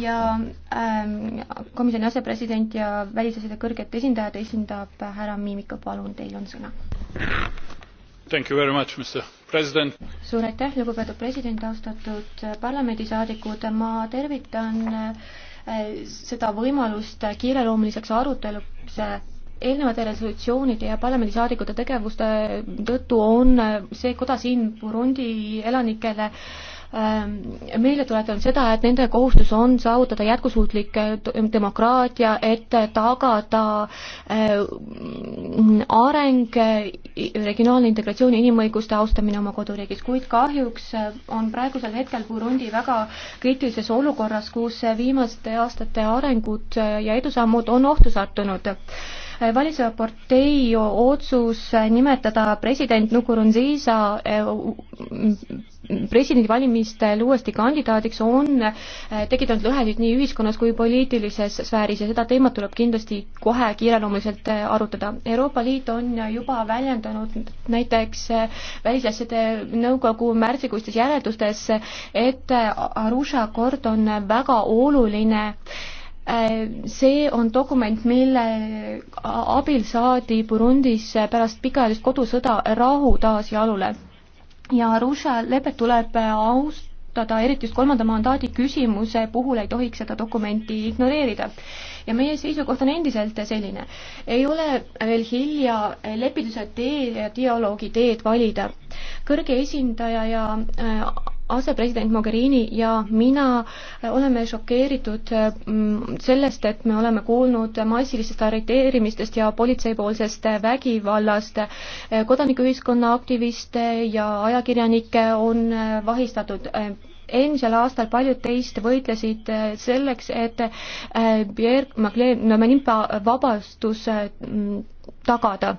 ja ähm, komisjoni asepresident ja välisasjade kõrget esindajat esindab härra Miimika, palun, teil on sõna. suur aitäh, lugupeetud president, austatud parlamendisaadikud, ma tervitan äh, seda võimalust kiireloomuliseks aruteluks eelnevate resolutsioonide ja parlamendisaadikute tegevuste tõttu on see koda siin Burundi elanikele äh, Ähm, meile tuletanud seda, et nende kohustus on saavutada jätkusuutlik äh, demokraatia, et äh, tagada äh, areng, regionaalne integratsioon ja inimõiguste austamine oma koduriigis, kuid kahjuks on praegusel hetkel Burundi väga kriitilises olukorras, kus viimaste aastate arengud ja edusammud on ohtu sattunud valitseva partei otsus nimetada president Nkurunziisa presidendivalimistel uuesti kandidaadiks, on eh, tekitanud lõhesid nii ühiskonnas kui poliitilises sfääris ja seda teemat tuleb kindlasti kohe kiireloomuliselt eh, arutada. Euroopa Liit on juba väljendanud näiteks eh, välisasjade nõukogu märtsikuistes järeldustes, et Arusha kord on väga oluline see on dokument, mille abil saadi Burundis pärast pikaajalist kodusõda rahu taas jalule ja ja Arusha lepet tuleb austada, eriti just kolmanda mandaadi küsimuse puhul ei tohiks seda dokumenti ignoreerida. ja meie seisukoht on endiselt selline, ei ole veel hilja lepituse tee ja dialoogi teed valida. kõrge esindaja ja äh, asepresident Mogherini ja mina oleme šokeeritud mm, sellest, et me oleme kuulnud massilistest arreteerimistest ja politseipoolsest vägivallast. kodanikuühiskonna aktiviste ja ajakirjanikke on vahistatud eelmisel aastal paljud teist võitlesid selleks, et eh, Pierre Maglev Namanimpa vabastus mm, tagada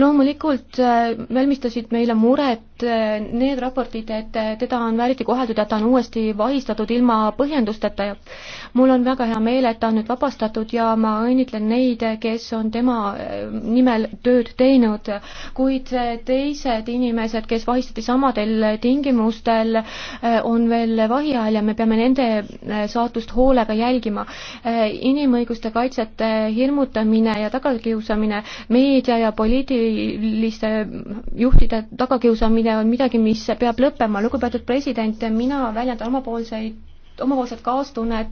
loomulikult äh, valmistasid meile muret äh, need raportid, et äh, teda on vääriti koheldud ja ta on uuesti vahistatud ilma põhjendusteta ja mul on väga hea meel, et ta on nüüd vabastatud ja ma õnnitlen neid, kes on tema nimel tööd teinud, kuid teised inimesed, kes vahistati samadel tingimustel, on veel vahi all ja me peame nende saatust hoolega jälgima. inimõiguste kaitsjate hirmutamine ja tagakiusamine, meedia ja poliitiline poliitiliste juhtide tagakiusamine on midagi, mis peab lõppema. lugupeetud president, mina väljendan omapoolseid omapoolset kaastunnet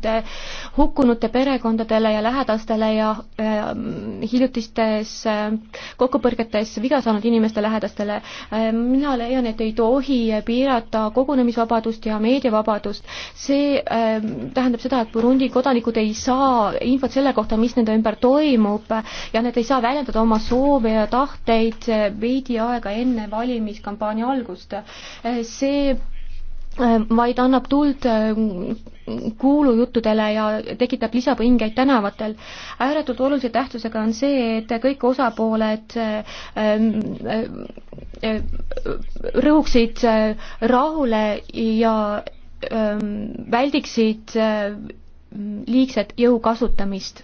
hukkunute perekondadele ja lähedastele ja ähm, hiljutistes äh, kokkupõrgetes viga saanud inimeste lähedastele. Äh, mina leian, et ei tohi piirata kogunemisvabadust ja meediavabadust. see ähm, tähendab seda, et Burundi kodanikud ei saa infot selle kohta, mis nende ümber toimub ja nad ei saa väljendada oma soove ja tahteid veidi aega enne valimiskampaania algust. Äh, see Äh, vaid annab tuld äh, kuulujuttudele ja tekitab lisapõingeid tänavatel. ääretult olulise tähtsusega on see, et kõik osapooled äh, rõhuksid rahule ja väldiksid liigset jõu kasutamist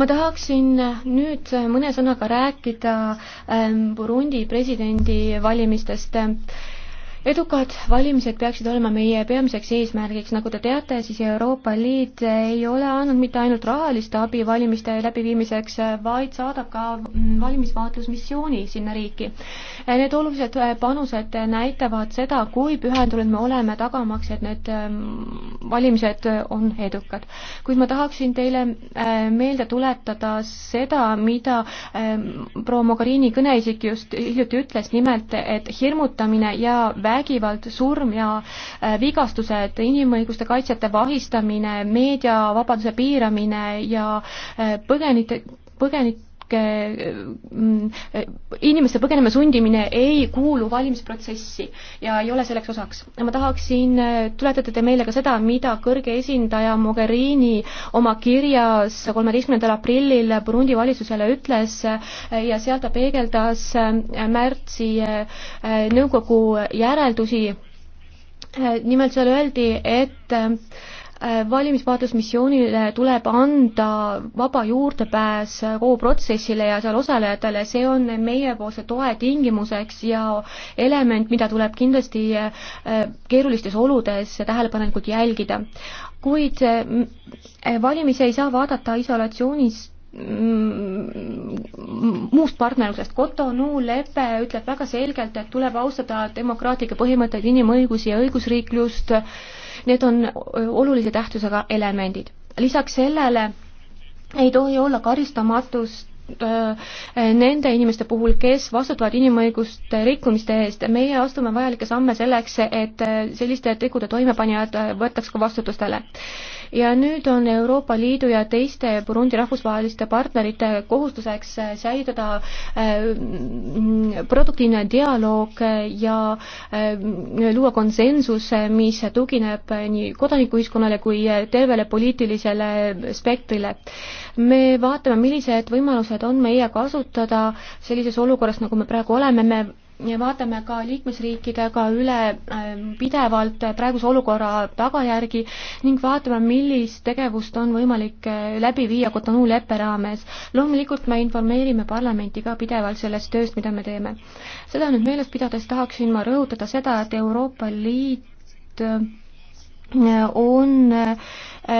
ma tahaksin nüüd mõne sõnaga rääkida ähm, Burundi presidendivalimistest edukad valimised peaksid olema meie peamiseks eesmärgiks, nagu te teate, siis Euroopa Liit ei ole andnud mitte ainult rahalist abi valimiste läbiviimiseks, vaid saadab ka valimisvaatlusmissiooni sinna riiki. Need olulised panused näitavad seda, kui pühendunud me oleme tagamaks, et need ähm, valimised on edukad. kuid ma tahaksin teile äh, meelde tuletada seda, mida ähm, proua Mogherini kõneisik just hiljuti ütles, nimelt et hirmutamine ja vä-, vägivald, surm ja äh, vigastused, inimõiguste kaitsjate vahistamine, meediavabaduse piiramine ja äh, põgenike, põgenik-, Mm, inimeste põgenema sundimine ei kuulu valimisprotsessi ja ei ole selleks osaks. ma tahaksin äh, tuletada te meile ka seda, mida kõrge esindaja Mogherini oma kirjas kolmeteistkümnendal aprillil Burundi valitsusele ütles äh, ja seal ta peegeldas äh, märtsi nõukogu järeldusi. nimelt seal öeldi, et Äh, valimisvaatlusmissioonile tuleb anda vaba juurdepääs kogu äh, protsessile ja seal osalejatele, see on meiepoolse toe tingimuseks ja element, mida tuleb kindlasti äh, keerulistes oludes tähelepanelikult jälgida. kuid valimisi ei saa vaadata isolatsioonis mm, mm, muust partnerlusest. Cotonou lepe ütleb väga selgelt, et tuleb austada demokraatlikke põhimõtteid, inimõigusi ja õigusriiklust äh, Need on äh, olulise tähtsusega elemendid. lisaks sellele ei tohi olla karistamatust Äh, nende inimeste puhul, kes vastutavad inimõiguste rikkumiste eest. meie astume vajalikke samme selleks, et äh, selliste tegude toimepanijad äh, võetaks ka vastutustele. ja nüüd on Euroopa Liidu ja teiste Burundi rahvusvaheliste partnerite kohustuseks säilitada produktiivne dialoog ja luua konsensus, mis tugineb nii kodanikuühiskonnale kui tervele poliitilisele spektrile. me vaatame, millised võimalused võimalused on meie kasutada sellises olukorras, nagu me praegu oleme, me vaatame ka liikmesriikidega üle ähm, pidevalt praeguse olukorra tagajärgi ning vaatame, millist tegevust on võimalik äh, läbi viia Cotonou leppe raames. loomulikult me informeerime parlamenti ka pidevalt sellest tööst, mida me teeme. seda nüüd meeles pidades tahaksin ma rõhutada seda, et Euroopa Liit äh, on äh,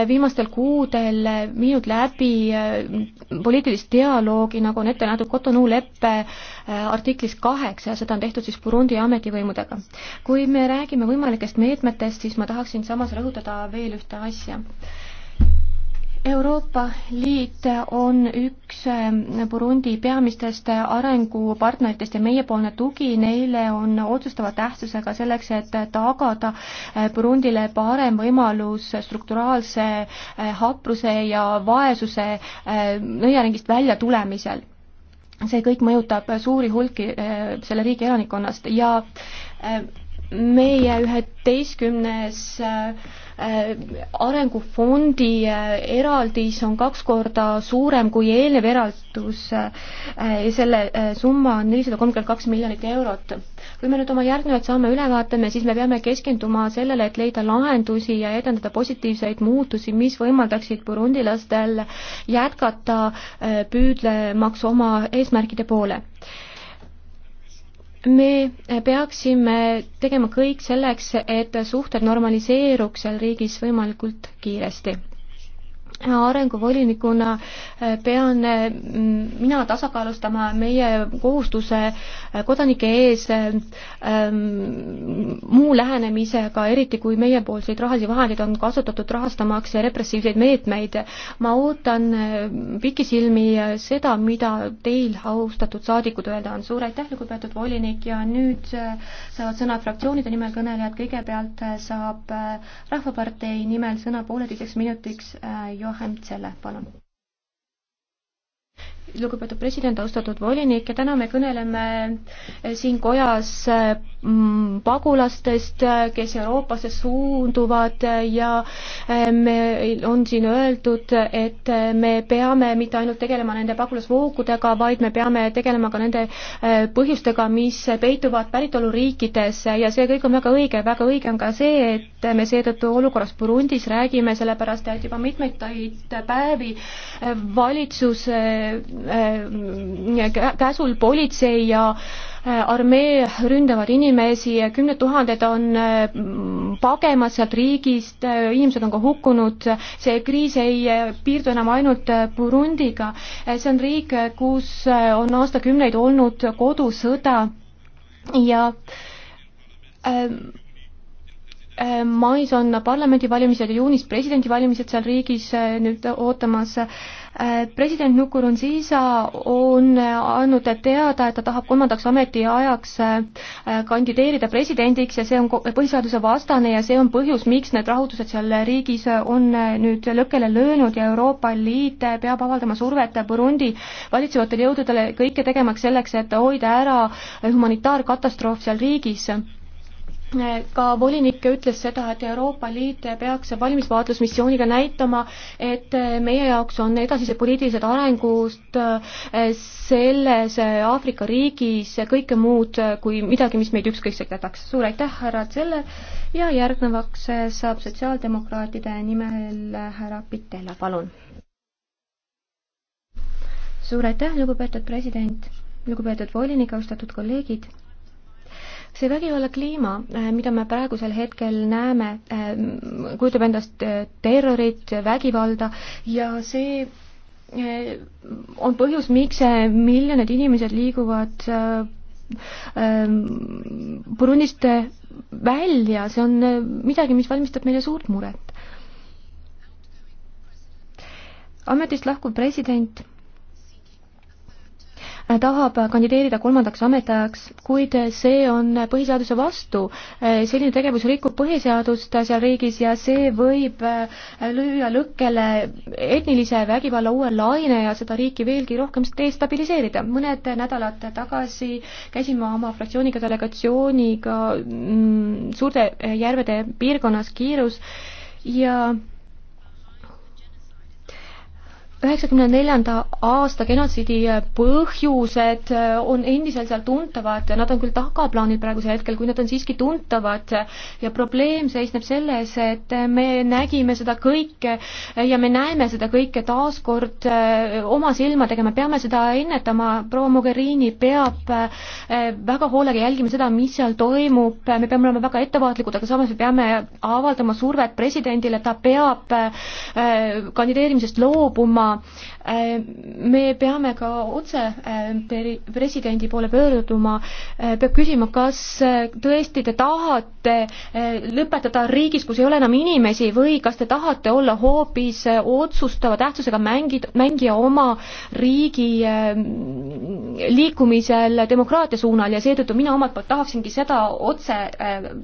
viimastel kuudel viinud läbi äh, poliitilist dialoogi, nagu on ette nähtud Cotonou leppe äh, artiklis kaheksa ja seda on tehtud siis Burundi ametivõimudega. kui me räägime võimalikest meetmetest, siis ma tahaksin samas rõhutada veel ühte asja. Euroopa Liit on üks äh, Burundi peamistest arengupartneritest ja meiepoolne tugi neile on otsustava tähtsusega selleks, et tagada äh, Burundile parem võimalus strukturaalse äh, hapruse ja vaesuse nõiaringist välja tulemisel see kõik mõjutab suuri hulki selle riigi elanikkonnast ja meie üheteistkümnes äh, Äh, arengufondi äh, eraldis on kaks korda suurem kui eelnev eraldus äh, ja selle summa on nelisada kolmkümmend kaks miljonit eurot. kui me nüüd oma järgnevaid samme üle vaatame, siis me peame keskenduma sellele, et leida lahendusi ja edendada positiivseid muutusi, mis võimaldaksid burundilastel jätkata püüdlemaks oma eesmärkide poole me peaksime tegema kõik selleks, et suhted normaliseeruks seal riigis võimalikult kiiresti arenguvolinikuna äh, pean äh, mina tasakaalustama meie kohustuse äh, kodanike ees ähm, muu lähenemisega, eriti kui meiepoolseid rahalisi vahendeid on kasutatud rahastamaks repressiivseid meetmeid. ma ootan pikisilmi seda, mida teil, austatud saadikud, öelda on. suur aitäh, lugupeetud volinik ja nüüd saavad sõna fraktsioonide nimel kõnelejad, kõigepealt saab Rahvapartei nimel sõna pooleteiseks minutiks Joachim Zelle, palun lugupeetud president, austatud volinik ja täna me kõneleme eh, siin kojas eh, mm, pagulastest, eh, kes Euroopasse suunduvad ja meil on siin öeldud, et me peame mitte ainult tegelema nende pagulasvoogudega, vaid me peame tegelema ka nende põhjustega, mis peituvad päritoluriikides ja see kõik on väga õige, väga õige on ka see, et me seetõttu olukorrast Burundis räägime, sellepärast et juba mitmeid päevi valitsus Äh, äh, käsul politsei ja äh, armee ründavad inimesi, kümned tuhanded on pagemas sealt riigist, inimesed on ka hukkunud, see kriis ei piirdu enam ainult Burundiga, see on riik, kus on aastakümneid olnud kodusõda ja ähm, Äh, mais on parlamendivalimised ja juunis presidendivalimised seal riigis äh, nüüd ootamas. Äh, president Nkurunziisa on andnud teada, et ta tahab kolmandaks ametiajaks kandideerida presidendiks ja see on põhiseaduse vastane ja see on põhjus, miks need rahutused seal riigis on nüüd lõkkele löönud ja Euroopa Liit peab avaldama survet Burundi valitsevatele jõududele kõike tegemaks selleks, et hoida ära humanitaarkatastroof seal riigis ka volinik ütles seda, et Euroopa Liit peaks valimisvaatlusmissiooniga näitama, et meie jaoks on edasised poliitilised arengud eh, selles Aafrika riigis kõike muud kui midagi, mis meid ükskõikselt jätaks. suur aitäh, härra Zeller ja järgnevaks saab sotsiaaldemokraatide nimel härra Pitella, palun. suur aitäh, lugupeetud president, lugupeetud volinik, austatud kolleegid see vägivallakliima, äh, mida me praegusel hetkel näeme, äh, kujutab endast äh, terrorit, vägivalda ja see on põhjus, miks miljonid inimesed liiguvad Burundist välja, see on midagi, mis valmistab meile suurt muret. ametist lahkuv president tahab kandideerida kolmandaks ametiajaks, kuid see on põhiseaduse vastu. selline tegevus rikub põhiseadust seal riigis ja see võib lüüa lõkkele etnilise vägivalla uue laine ja seda riiki veelgi rohkem destabiliseerida. mõned nädalad tagasi käisin ma oma fraktsiooniga, delegatsiooniga mm, suurte järvede piirkonnas Kiirus ja üheksakümne neljanda aasta genotsiidi äh, põhjused äh, on endiselt seal tuntavad, nad on küll tagaplaanil praegusel hetkel, kuid nad on siiski tuntavad ja probleem seisneb selles, et äh, me nägime seda kõike ja me näeme seda kõike taaskord oma silmadega, me peame seda ennetama, proua Mogherini peab väga hoolega jälgima seda, mis seal toimub, me peame olema väga ettevaatlikud, aga samas me peame avaldama survet presidendile, ta peab kandideerimisest loobuma, tegema. Äh, me peame ka otse äh, presidendi poole pöörduma, äh, peab küsima, kas tõesti te tahate lõpetada riigis, kus ei ole enam inimesi või kas te tahate olla hoopis otsustava tähtsusega mängid, mängija oma riigi liikumisel demokraatia suunal ja seetõttu mina omalt poolt tahaksingi seda otse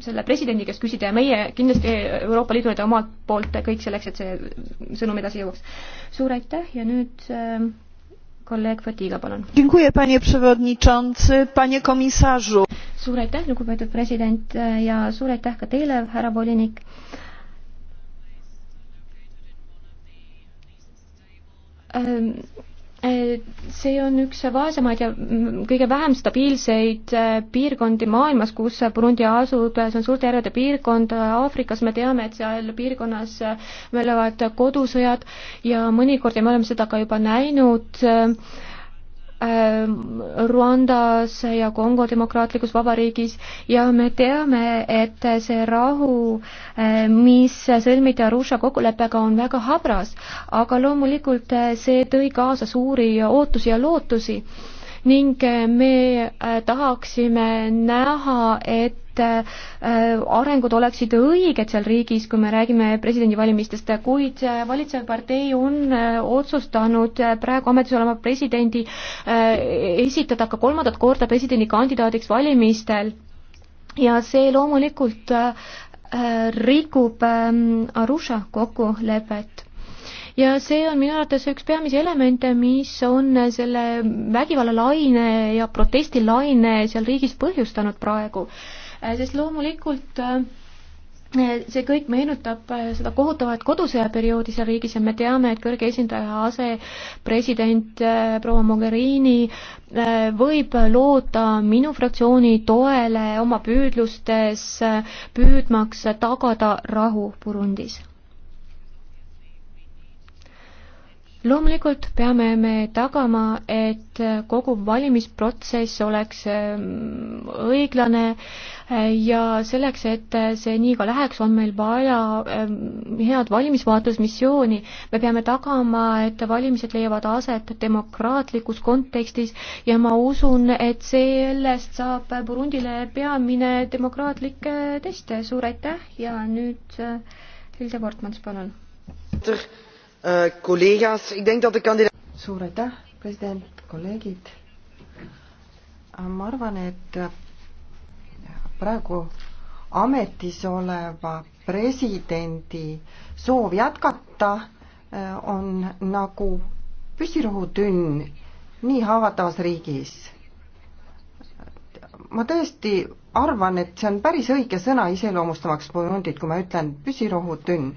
selle presidendi käest küsida ja meie kindlasti Euroopa Liidule omalt poolt kõik selleks, et see sõnum edasi jõuaks. suur aitäh! aitäh ja nüüd äh, kolleeg Fatiga, palun. suur aitäh, lugupeetud president äh, ja suur aitäh ka teile, härra volinik. Ähm, see on üks vaesemaid ja kõige vähem stabiilseid äh, piirkondi maailmas, kus Burundi asub, see on suurte järvede piirkond, Aafrikas me teame, et seal piirkonnas äh, möllavad kodusõjad ja mõnikord, ja me oleme seda ka juba näinud, äh, Ähm, Ruandas ja Kongo Demokraatlikus Vabariigis ja me teame, et see rahu, äh, mis sõlmiti Arusha kokkuleppega, on väga habras, aga loomulikult äh, see tõi kaasa suuri ootusi ja lootusi ning äh, me tahaksime näha, et et äh, arengud oleksid õiged seal riigis, kui me räägime presidendivalimistest, kuid äh, valitsev partei on äh, otsustanud praegu ametis oleva presidendi esitada ka kolmandat korda presidendikandidaadiks valimistel ja see loomulikult rikub ähm, Arusha kokkulepet ja see on minu arvates üks peamisi elemente, mis on selle vägivallalaine ja protestilaine seal riigis põhjustanud praegu Äh, sest loomulikult äh, see kõik meenutab äh, seda kohutavat kodusõjaperioodi seal riigis ja me teame, et kõrge esindaja asepresident proua Mogherini võib loota minu fraktsiooni toele oma püüdlustes, püüdmaks tagada rahu Burundis loomulikult peame me tagama, et kogu valimisprotsess oleks ehm, õiglane eh, ja selleks, et see nii ka läheks, on meil vaja ehm, head valimisvaatlusmissiooni. me peame tagama, et valimised leiavad aset demokraatlikus kontekstis ja ma usun, et sellest saab Burundile peamine demokraatlik eh, test. suur aitäh ja nüüd eh, Hilde Portmans, palun. Eh, collega's ik denk dat de kandidaat. suur aitäh president kolleegid ah, ma arvan et eh, praegu ametis oleva presidendi soov jätkata eh, on nagu püsirohutünn nii haavatavas riigis ma tõesti arvan et see on päris õige sõna iseloomustamaks Burundit kui ma ütlen püsirohutünn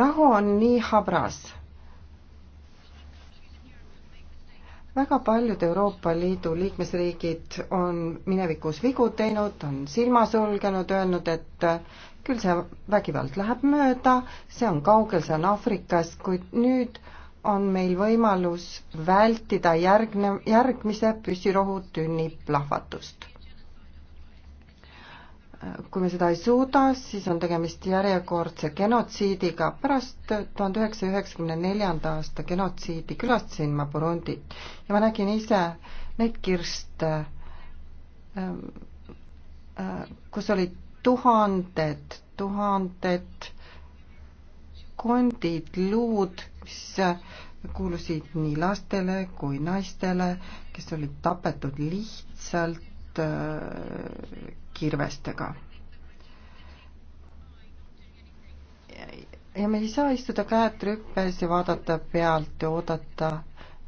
raha on nii habras. väga paljud Euroopa Liidu liikmesriigid on minevikus vigu teinud, on silma sulgenud, öelnud, et eh, küll see vägivald läheb mööda, see on kaugel, see on Aafrikas, kuid nüüd on meil võimalus vältida järgne, järgmise püssirohutünni plahvatust kui me seda ei suuda, siis on tegemist järjekordse genotsiidiga. pärast tuhande üheksasaja üheksakümne neljanda aasta genotsiidi külastasin ma Burundit ja ma nägin ise neid kirste, ähm, äh, kus olid tuhanded, tuhanded kondid, luud, mis äh, kuulusid nii lastele kui naistele, kes olid tapetud lihtsalt äh, kirvestega. ja me ei saa istuda käed rüppes ja vaadata pealt ja oodata,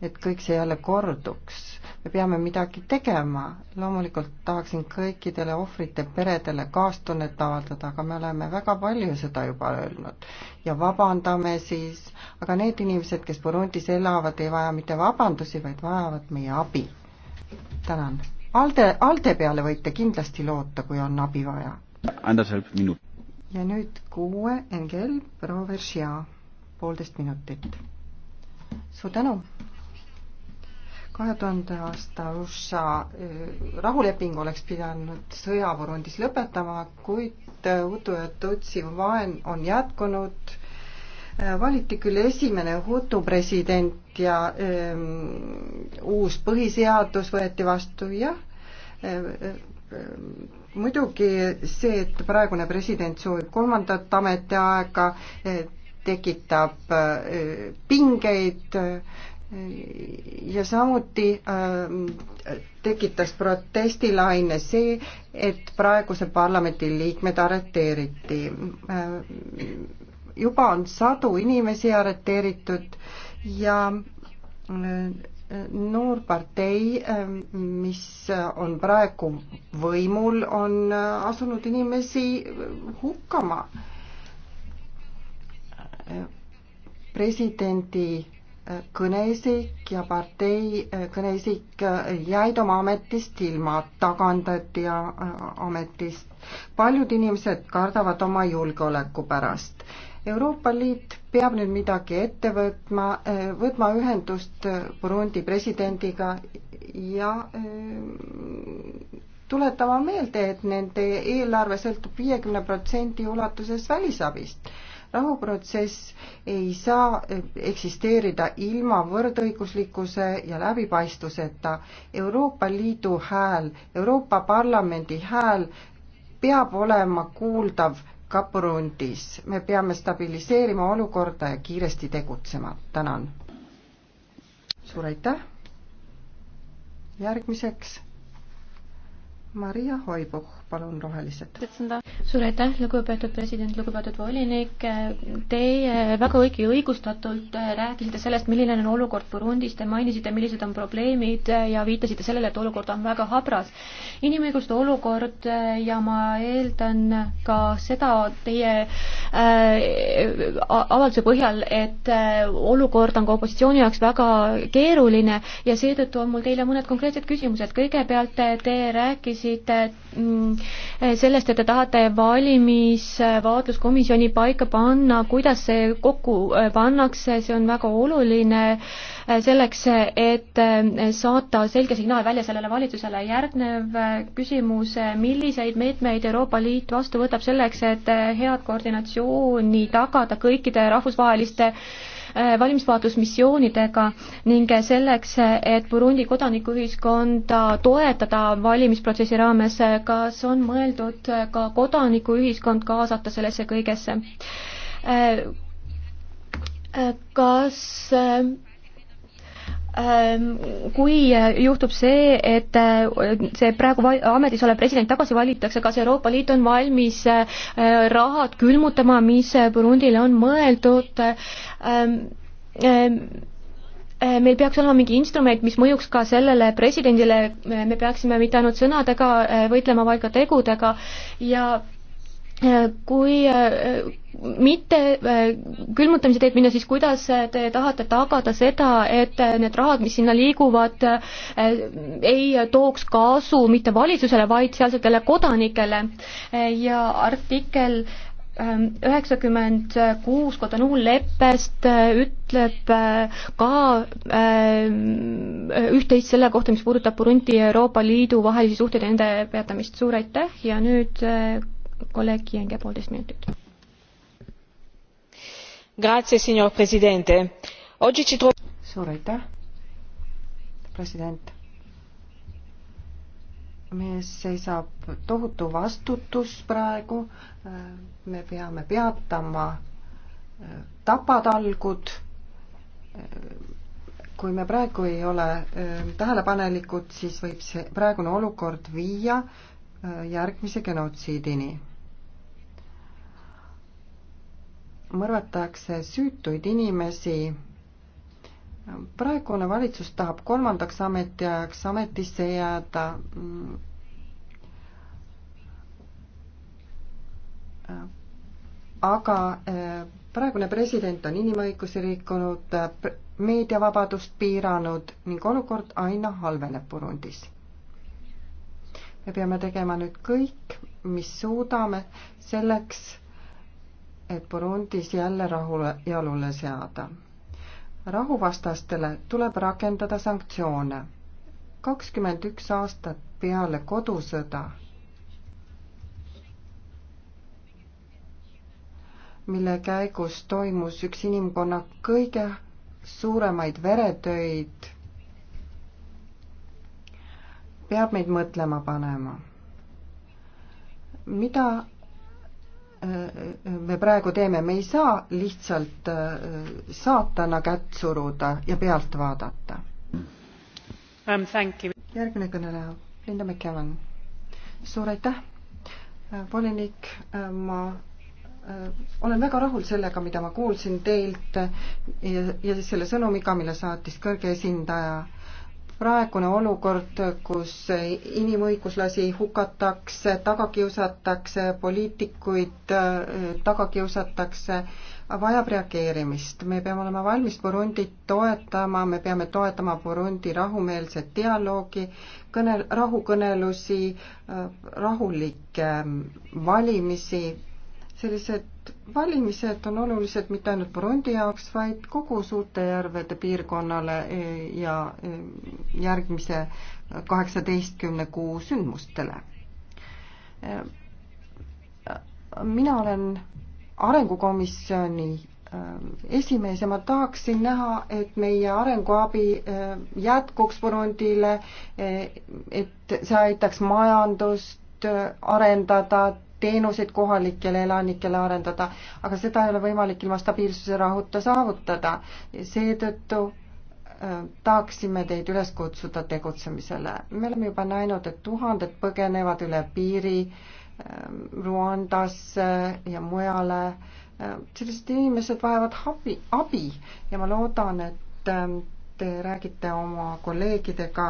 et kõik see jälle korduks. me peame midagi tegema. loomulikult tahaksin kõikidele ohvrite peredele kaastunnet avaldada, aga me oleme väga palju seda juba öelnud. ja vabandame siis, aga need inimesed, kes Burundis elavad, ei vaja mitte vabandusi, vaid vajavad meie abi. tänan Alde, Alde peale võite kindlasti loota, kui on abi vaja. ja nüüd kuue Engel Proversia, poolteist minutit. suur tänu! kahe tuhande aasta USA äh, rahuleping oleks pidanud sõja Burundis lõpetama, kuid Hutu äh, ja Tutsi vaen on jätkunud Äh, valiti küll esimene Hutu president ja ähm, uus põhiseadus võeti vastu, jah äh, äh, äh,. muidugi see, et praegune president soovib kolmandat ametiaega, tekitab äh, pingeid äh, ja samuti äh, tekitas protestilaine see, et praeguse parlamendi liikmed arreteeriti äh, juba on sadu inimesi arreteeritud ja äh, noor partei, äh, mis on praegu võimul, on äh, asunud inimesi hukkama. presidendi kõneisik ja partei kõneisik jäid oma ametist ilma, tagandati ametist. paljud inimesed kardavad oma julgeoleku pärast Euroopa Liit peab nüüd midagi ette võtma, eh, võtma ühendust eh, Burundi presidendiga ja eh, tuletama meelde, et nende eelarve sõltub viiekümne protsendi ulatuses välisabist. rahuprotsess ei saa eksisteerida ilma võrdõiguslikkuse ja läbipaistvuseta. Euroopa Liidu hääl, Euroopa Parlamendi hääl peab olema kuuldav ka Burundis. me peame stabiliseerima olukorda ja kiiresti tegutsema. tänan. suur aitäh. järgmiseks Maria Hoibuch palun rohelised. suur aitäh, lugupeetud president, lugupeetud volinik. Teie väga õige ja õigustatult rääkisite sellest, milline on olukord Burundis, te mainisite, millised on probleemid ja viitasite sellele, et olukord on väga habras. inimõiguste olukord eh, ja ma eeldan ka seda teie äh, avalduse põhjal, et eh, olukord on ka opositsiooni jaoks väga keeruline ja seetõttu on mul teile mõned konkreetsed küsimused. kõigepealt te rääkisite mm, Eh, sellest, et te tahate valimisvaatluskomisjoni paika panna, kuidas see kokku eh, pannakse, see on väga oluline eh, selleks, et saata selge signaal välja sellele valitsusele. järgnev küsimus, milliseid meetmeid Euroopa Liit vastu võtab selleks, et head koordinatsiooni tagada kõikide rahvusvaheliste Äh, valimisvaatlusmissioonidega ning selleks, et Burundi kodanikuühiskonda toetada valimisprotsessi raames, kas on mõeldud ka kodanikuühiskond kaasata sellesse kõigesse? Äh, äh, kas Ähm, kui äh, juhtub see, et äh, see praegu ametis olev president tagasi valitakse, kas Euroopa Liit on valmis äh, rahad külmutama, mis Burundile on mõeldud? Ähm, ähm, meil peaks olema mingi instrument, mis mõjuks ka sellele presidendile, me peaksime mitte ainult sõnadega võitlema, vaid ka tegudega ja kui äh, mitte äh, külmutamise teed minna, siis kuidas te tahate tagada seda, et need rahad, mis sinna liiguvad, äh, ei tooks kasu mitte valitsusele, vaid sealsetele kodanikele ja artikkel ähm, üheksakümmend kuus Cotonou leppest ütleb ka üht-teist selle kohta, mis puudutab Burundi ja Euroopa Liidu vahelisi suhteid ja nende peatamist. suur aitäh ja nüüd kolleeg Kienge, poolteist minutit. suur aitäh, president. meie ees seisab tohutu vastutus praegu. me peame peatama eh, tapatalgud eh, kui me praegu ei ole eh, tähelepanelikud, siis võib see praegune olukord viia järgmise genotsiidini mõrvatakse süütuid inimesi. praegune valitsus tahab kolmandaks ametiajaks ametisse jääda. aga eh, praegune president on inimõigusi rikkunud, meediavabadust piiranud ning olukord aina halveneb Burundis. me peame tegema nüüd kõik, mis suudame selleks, et Burundis jälle rahule jalule seada. rahuvastastele tuleb rakendada sanktsioone. kakskümmend üks aastat peale kodusõda, mille käigus toimus üks inimkonna kõige suuremaid veretöid, peab meid mõtlema panema mida me praegu teeme, me ei saa lihtsalt äh, saatana kätt suruda ja pealt vaadata um,. järgmine kõneleja, Linda McEwan. suur aitäh, äh, volinik, äh, ma olen väga rahul sellega, mida ma kuulsin teilt ja, ja selle sõnumiga, mille saatis kõrge esindaja praegune olukord, kus inimõiguslasi hukatakse, taga kiusatakse, poliitikuid äh, taga kiusatakse, vajab reageerimist. me peame olema valmis Burundit toetama, me peame toetama Burundi rahumeelset dialoogi, kõne, rahukõnelusi, äh, rahulikke ähm, valimisi, sellised valimised on olulised mitte ainult Burundi jaoks, vaid kogu suurte järvede piirkonnale e, ja e, järgmise kaheksateistkümne kuu sündmustele. E, mina olen arengukomisjoni esimees ja ma tahaksin näha, et meie arenguabi jätkuks Burundile, et see aitaks majandust arendada, teenuseid kohalikele elanikele arendada, aga seda ei ole võimalik ilma stabiilsuse rahuta saavutada. seetõttu äh, tahaksime teid üles kutsuda tegutsemisele. me oleme juba näinud, et tuhanded põgenevad üle piiri äh, Ruandasse ja mujale. Äh, sellised inimesed vajavad abi, abi ja ma loodan, et te räägite oma kolleegidega,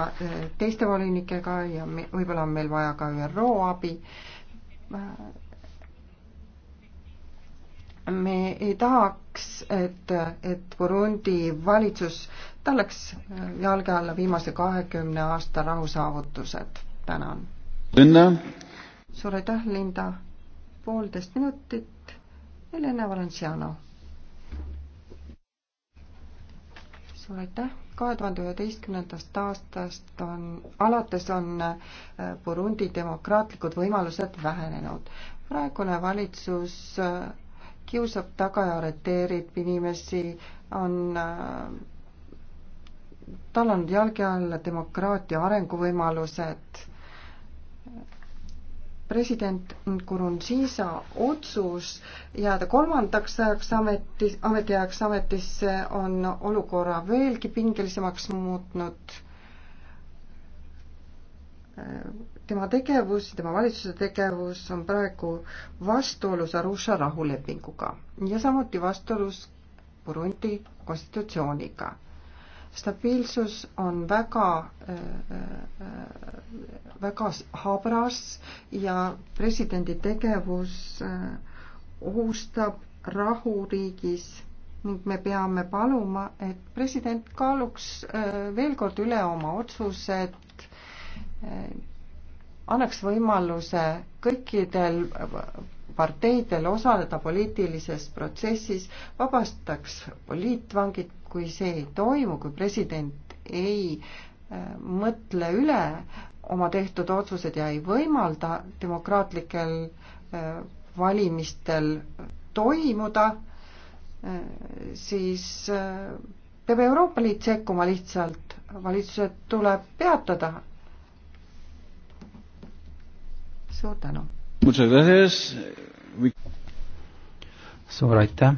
teiste volinikega ja võib-olla on meil vaja ka ÜRO abi me ei tahaks, et, et Burundi valitsus tallaks jalge alla viimase kahekümne aasta rahusaavutused. tänan. Linda. suur aitäh, Linda. poolteist minutit. Helena Valenciano suur aitäh! kahe tuhande üheteistkümnendast aastast on, alates on äh, Burundi demokraatlikud võimalused vähenenud. praegune valitsus äh, kiusab taga ja arreteerib inimesi, on äh, tal on jalge all demokraatia arenguvõimalused president Nkurunziisa otsus jääda kolmandaks ajaks ametis, ametiajaks ametisse on olukorra veelgi pingelisemaks muutnud. tema tegevus, tema valitsuse tegevus on praegu vastuolus Arusha rahulepinguga ja samuti vastuolus Burundi konstitutsiooniga stabiilsus on väga, äh, äh, väga habras ja presidendi tegevus äh, ohustab rahu riigis ning me peame paluma, et president kaaluks veel kord üle oma otsused, annaks võimaluse kõikidel parteidel osaleda poliitilises protsessis, vabastaks poliitvangid, kui see ei toimu, kui president ei äh, mõtle üle oma tehtud otsused ja ei võimalda demokraatlikel äh, valimistel toimuda, äh, siis peab Euroopa Liit sekkuma lihtsalt, valitsused tuleb peatada. suur tänu. suur aitäh.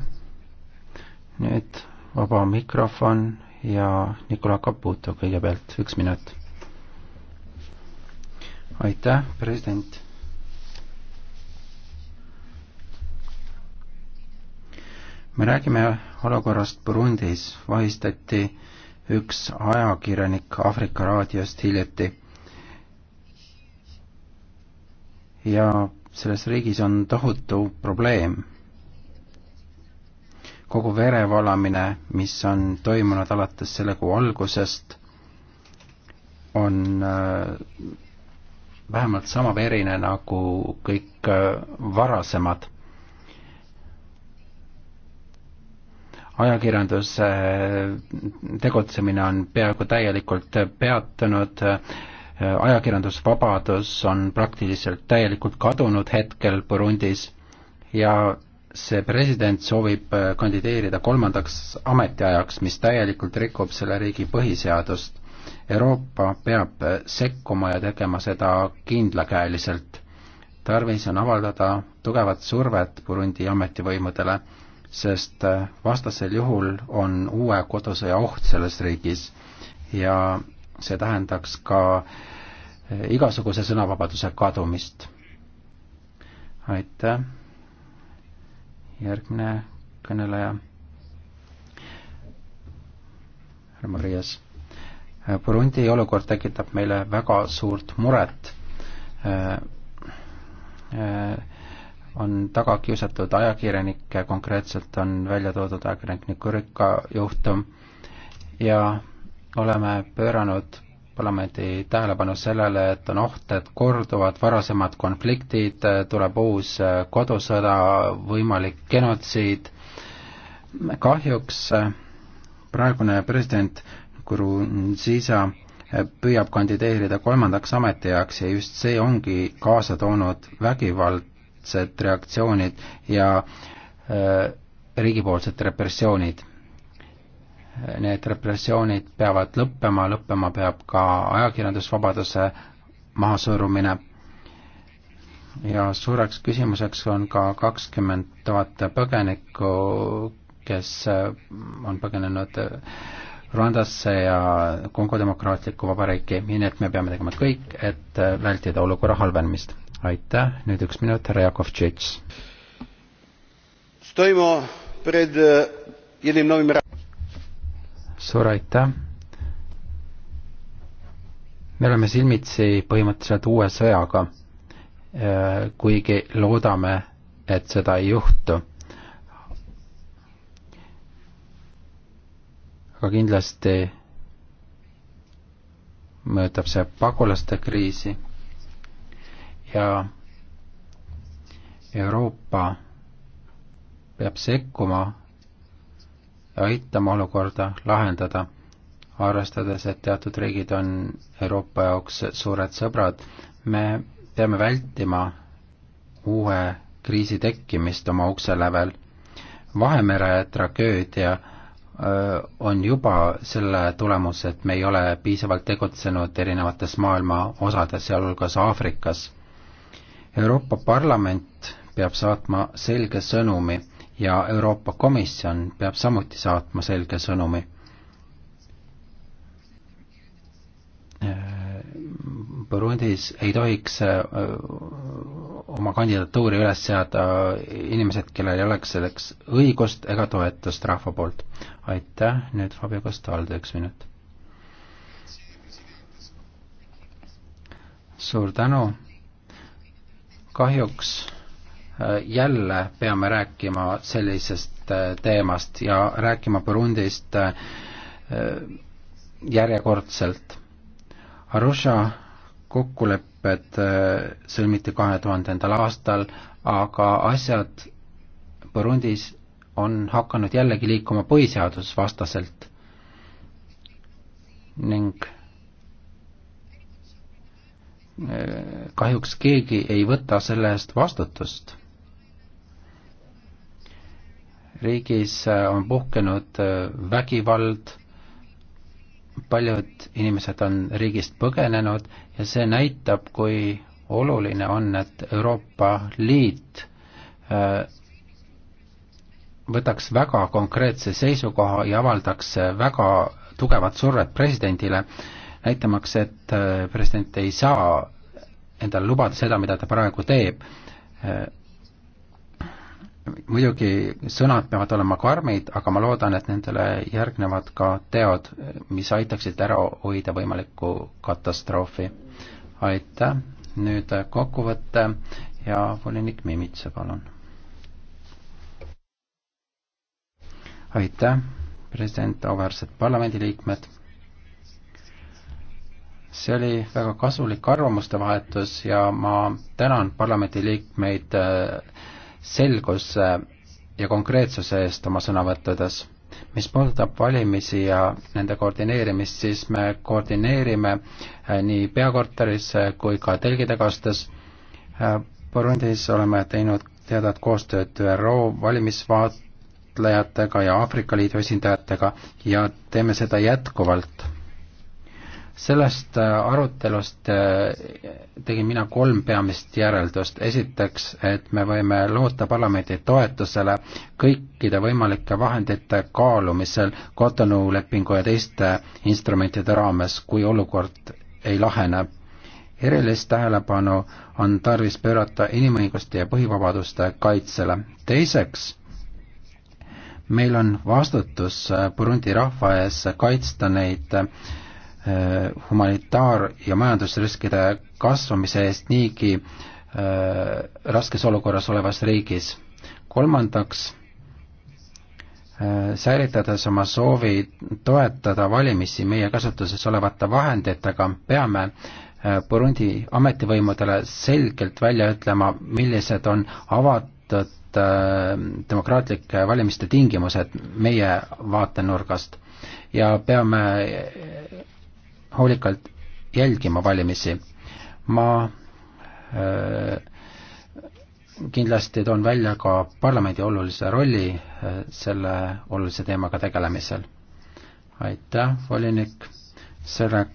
nüüd vaba mikrofon ja Nicola Caputo kõigepealt, üks minut. aitäh, president. me räägime olukorrast Burundis, vahistati üks ajakirjanik Aafrika raadiost hiljuti. ja selles riigis on tohutu probleem kogu verevalamine, mis on toimunud alates selle kuu algusest, on äh, vähemalt sama verine nagu kõik äh, varasemad. ajakirjanduse äh, tegutsemine on peaaegu täielikult peatunud, ajakirjandusvabadus on praktiliselt täielikult kadunud hetkel Burundis ja see president soovib äh, kandideerida kolmandaks ametiajaks, mis täielikult rikub selle riigi põhiseadust. Euroopa peab äh, sekkuma ja tegema seda kindlakäeliselt. tarvis on avaldada tugevat survet Burundi ametivõimudele, sest äh, vastasel juhul on uue kodusõja oht selles riigis ja see tähendaks ka igasuguse sõnavabaduse kadumist. aitäh! järgmine kõneleja, härra Marias. Burundi olukord tekitab meile väga suurt muret. Äh, äh, on taga kiusatud ajakirjanikke, konkreetselt on välja toodud ajakirjanik Nikurika juhtum ja oleme pööranud parlamendi tähelepanu sellele, et on oht, et korduvad varasemad konfliktid, tuleb uus äh, kodusõda, võimalik genotsiid. kahjuks äh, praegune president Kurunziisa äh, püüab kandideerida kolmandaks ametiajaks ja just see ongi kaasa toonud vägivaldsed reaktsioonid ja riigipoolsed repressioonid need repressioonid peavad lõppema, lõppema peab ka ajakirjandusvabaduse mahasurumine. ja suureks küsimuseks on ka kakskümmend tuhat põgenikku, kes on põgenenud Rwandasse ja Kongo Demokraatlikku Vabariiki, nii et me peame tegema kõik, et vältida olukorra halvenemist. aitäh, nüüd üks minut, härra Jakovtšitš. stojimo pred eh, jednim novim suur aitäh! me oleme silmitsi põhimõtteliselt uue sõjaga, äh, kuigi loodame, et seda ei juhtu. aga kindlasti mõjutab see pagulaste kriisi ja Euroopa peab sekkuma ja aitama olukorda lahendada, arvestades, et teatud riigid on Euroopa jaoks suured sõbrad, me peame vältima uue kriisi tekkimist oma ukse lävel. Vahemere tragöödia on juba selle tulemus, et me ei ole piisavalt tegutsenud erinevates maailma osades, sealhulgas Aafrikas. Euroopa Parlament peab saatma selge sõnumi ja Euroopa Komisjon peab samuti saatma selge sõnumi. Burundis ei tohiks äh, oma kandidatuuri üles seada inimesed, kellel ei oleks selleks õigust ega toetust rahva poolt. aitäh, nüüd Fabio Castaldo, üks minut. suur tänu, kahjuks jälle peame rääkima sellisest äh, teemast ja rääkima Burundist äh, järjekordselt. Arusha kokkulepped äh, sõlmiti kahe tuhandendal aastal, aga asjad Burundis on hakanud jällegi liikuma põhiseadusvastaselt ning kahjuks keegi ei võta selle eest vastutust riigis äh, on puhkenud äh, vägivald, paljud inimesed on riigist põgenenud ja see näitab, kui oluline on, et Euroopa Liit äh, võtaks väga konkreetse seisukoha ja avaldaks väga tugevat survet presidendile, näitamaks, et president ei saa endale lubada seda, mida ta praegu teeb muidugi sõnad peavad olema karmid, aga ma loodan, et nendele järgnevad ka teod, mis aitaksid ära hoida võimalikku katastroofi. aitäh, nüüd kokkuvõte ja volinik Mimitsa, palun. aitäh, president, auväärsed parlamendiliikmed. see oli väga kasulik arvamuste vahetus ja ma tänan parlamendiliikmeid äh, selguse äh, ja konkreetsuse eest oma sõnavõttudes. mis puudutab valimisi ja nende koordineerimist, siis me koordineerime äh, nii peakorteris äh, kui ka telgide kastes. Burundis oleme teinud teadat koostööd ÜRO valimisvaatlejatega ja Aafrika Liidu esindajatega ja teeme seda jätkuvalt sellest äh, arutelust äh, tegin mina kolm peamist järeldust. esiteks, et me võime loota parlamendi toetusele kõikide võimalike vahendite kaalumisel Cotonou lepingu ja teiste instrumentide raames, kui olukord ei lahene. erilist tähelepanu on tarvis pöörata inimõiguste ja põhivabaduste kaitsele. teiseks, meil on vastutus äh, Burundi rahva ees kaitsta neid äh, Äh, humanitaar- ja majandusriskide kasvamise eest niigi äh, raskes olukorras olevas riigis. kolmandaks, äh, säilitades oma soovi toetada valimisi meie kasutuses olevate vahenditega, peame Burundi ametivõimudele selgelt välja ütlema, millised on avatud demokraatlike valimiste tingimused meie vaatenurgast ja peame hoolikalt jälgima valimisi. ma öö, äh, kindlasti toon välja ka parlamendi olulise rolli äh, selle olulise teemaga tegelemisel. aitäh, volinik, sellega